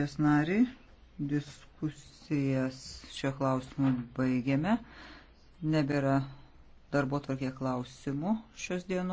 Jas nariai, diskusijas šio klausimu baigėme. Nebėra darbo tvarkė klausimų šios dienos.